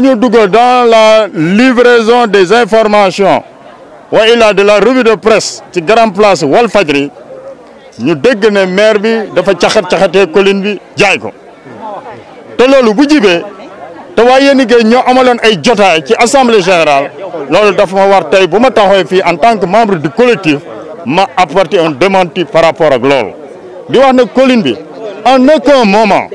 bi ñu dans la livraison des informations wa a de la revue de presse ci grand place Walfadjri ñu dégg ne maire bi dafa caxat-caxatee colline bi jaay ko te loolu bu jibee te waa yéen liggéey ñoo amaloon ay jotaay ci assemblée générale loolu dafa ma war tey bu ma taxawee en tant que membre du collectif ma apporter un démenti par rapport ak loolu di wax ne colline bi en aucun moment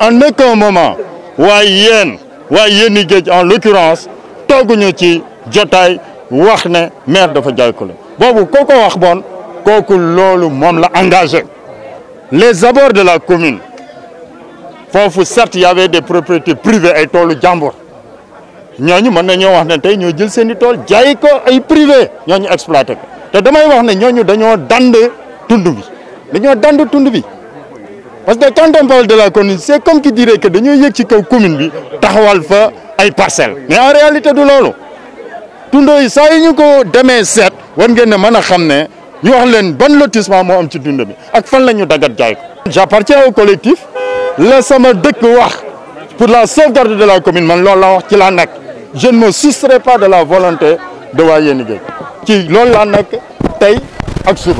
en aucun moment waaye yéen en l'occurrence tout le monde wax le maire de la commune. Si wax bon la engagé les abords de la commune foofu certes y avait des propriétés privées et toolu jàmbur ñooñu Nous avons wax ne ñoo jël ko ay privé exploité parce que quand on parle de la commune c'est comme qui dirait que nous ci kaw commune parcelles mais en réalité de ça. tundoo yi saa ñu ko demain demain, war a lotissement j'appartiens au collectif Laissez-moi pour la sauvegarde de la commune je ne me soustrais pas de la volonté de waa Qui ci